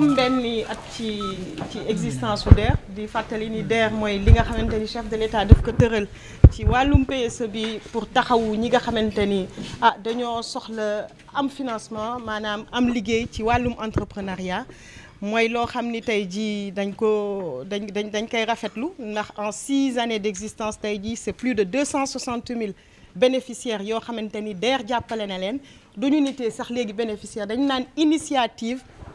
benni ci ci existence su DER di fàttali ni DER mooy li nga xamante chef de l'État de ko tëral ci walum PSE bi pour taxawu ñi nga xamanteni ah dañoo soxla am financement manam am liguey ci walum entrepreneuriat moy lo xamni tay ji dañ ko dañ dañ dañ koy rafetlu ndax en six années d'existence tay ji c'est plus de 260000 bénéficiaires yo xamanteni ni DER jàppale na len duñu nité sax légui bénéficiaire dañ naan initiative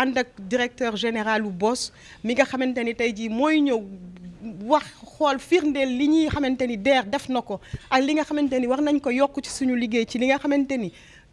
ànd directeur général ou boss, mi nga xamante ni tey jii wax xol firndel li ñuy xamante def nako ak li nga war nañ ko ci suñu liggéey ci li nga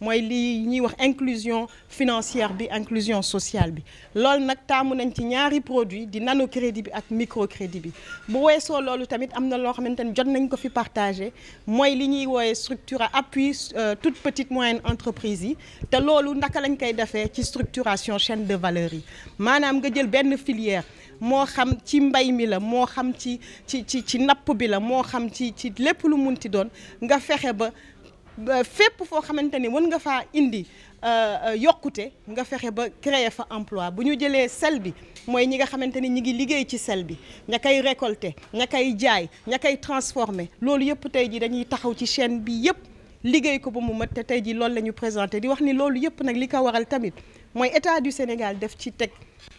moy li ñuy wax inclusion financière bi inclusion sociale bi lool nak taamu nañ ci ñaari produit di nano crédit bi ak micro crédit bi bu wéso loolu tamit amna lo jot nañ ko fi partager li appui euh, toute petite moyenne entreprise yi loolu naka lañ koy défé ci structuration chaîne de valeur yi manam nga jël filière mo xam ci mbay mi la mo xam ci ci ci bi la mo xam ci ci lépp lu fépp foo xamante ni mën nga faa indi euh, euh, yokkute nga fexe ba créer fa emploi bu ñu jëlee sel bi mooy ñi nga xamante ni ñi ngi liggéey ci sel bi ña koy récolter ña koy jaay ña koy transformer loolu yëpp tey jii dañuy taxaw ci chaîne bi yëpp liggéey ko ba mu mat te tey jii loolu la ñu présenté di wax ni loolu yëpp nag li ko waral tamit mooy état du Sénégal def ci teg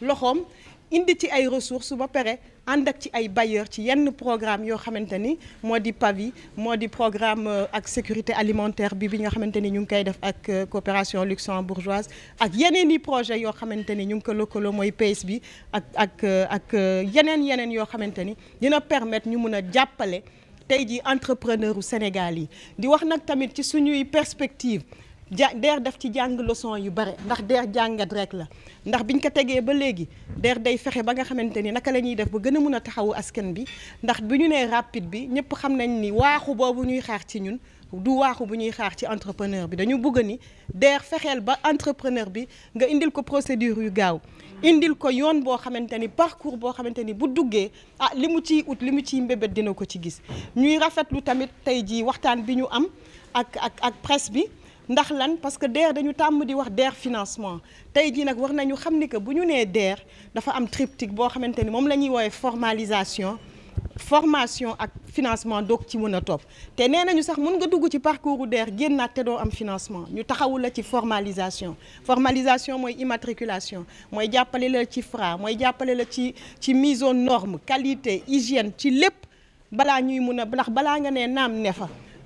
loxoom indi ci ay ressources ba paré ànd ak ci ay bailleurs ci yenn programme yo xamanteni modi moo di PAVI moo programme euh, ak sécurité alimentaire bi bi nga xamanteni ñu ngi def ak euh, coopération luxembourgeoise ak yenen ni projet yo xamanteni ñu ko lokolo moy PACE bi ak ak euh, ak yenen yenen yo xamanteni dina permettre ñu mëna a jàppale tey entrepreneur u Sénégal yi di wax nak tamit ci suñuy perspective ja DER daf ci jàng leçon yu bare ndax DER jàngat rek la ndax biñ ko tegee ba léegi DER day fexe ba nga xamante ni naka lañuy def ba gën a mun a taxawu askan bi ndax bi ñu nee rapide bi ñëpp xam nañ ni waaxu boobu ñuy xaar ci ñun du waaxu bu ñuy xaar ci entrepreneur bi dañu bugg ni DER fexeel ba entrepreneur bi nga indil ko procédure yu gaaw indil ko yoon boo xamante ni parcours boo xamante ni bu duggee ah li mu ciy ut li mu ciy mbébét dina ko ci gis ñuy rafetlu tamit tey jii waxtaan bi ñu am ak ak ak presse bi ndax lan parce que DER dañu tam di wax DER financement tay ji nak war nañu xamni ni que bu ñu DER dafa am triptyque bo xamanteni mom lañuy woyé formalisation formation ak financement dok ci mëna top té né nañu sax mën nga dugg ci parcours DER génnaat té do am financement ñu taxawul la ci formalisation formalisation moy immatriculation moy jappalé la ci Fra moy jappalé la ci ci mise aux normes qualité hygiène ci lépp bala ñuy mëna a ndax balaa nga né nam ne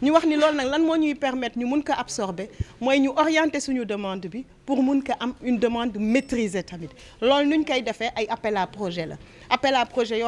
Nous avons ni permettre de nous absorber demande pour que ko une demande maîtrisée tamit nous appel à projet la appel à projet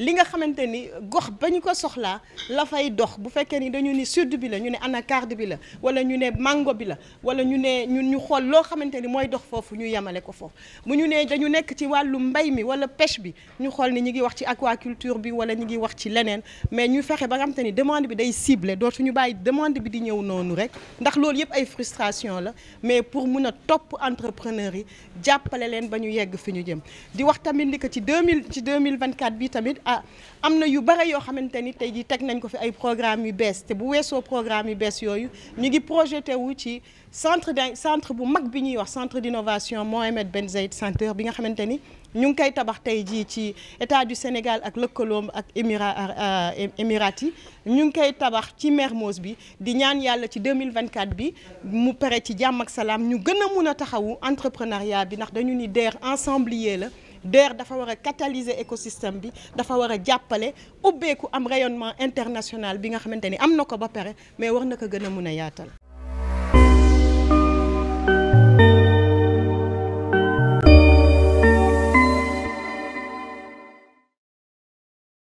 li nga xamanteni gox bañ ko soxla la fay dox bu fekkee ni dañu ni sud bi la ñu ni anacarde bi la wala ñu ne mango bi la wala ñu ne ñun ñu xol lo xamanteni moy dox fofu, ñu yemale ko fofu mu ñu ne dañu nekk ci walu mbay mi wala pêche bi ñu xol ni ñi ngi wax ci aquaculture bi wala ñi ngi wax ci lenen mais ñu fexé ba nga demande bi day ciblé suñu bàyyi demande bi di ñew nonu rek ndax lool yépp ay frustration la mais pour mëna top entrepreneur yi jappalé leen ba ñu yegg fi ñu jëm di wax tamit ni que ci 2000 ci 2024 bi tamit ah, amna yu bari yo xamanteni ni tey jii nañ ko fi ay programme yu bess te bu wesso programme yu bess yoyu ñu ngi projeté wu ci centre centre bu mag bi ñuy wax centre d'innovation Mohamed Ben Zayed Center bi nga xamanteni ni ñu ngi kay tabax tey ci état du Sénégal ak lëkkaloom ak émirat euh, euh, émirats ñu ngi kay tabax ci Mermoz bi di ñaan yalla ci 2024 bi mu paré ci jàmm ak ñu gëna mëna taxawu entrepreneuriat bi nak dañu ni DER ensemble la DER dafa wara catalyser écosystème bi dafa wara jappalé jàppale am rayonnement international bi nga xamante am na ko pare mais war na ko gën yaatal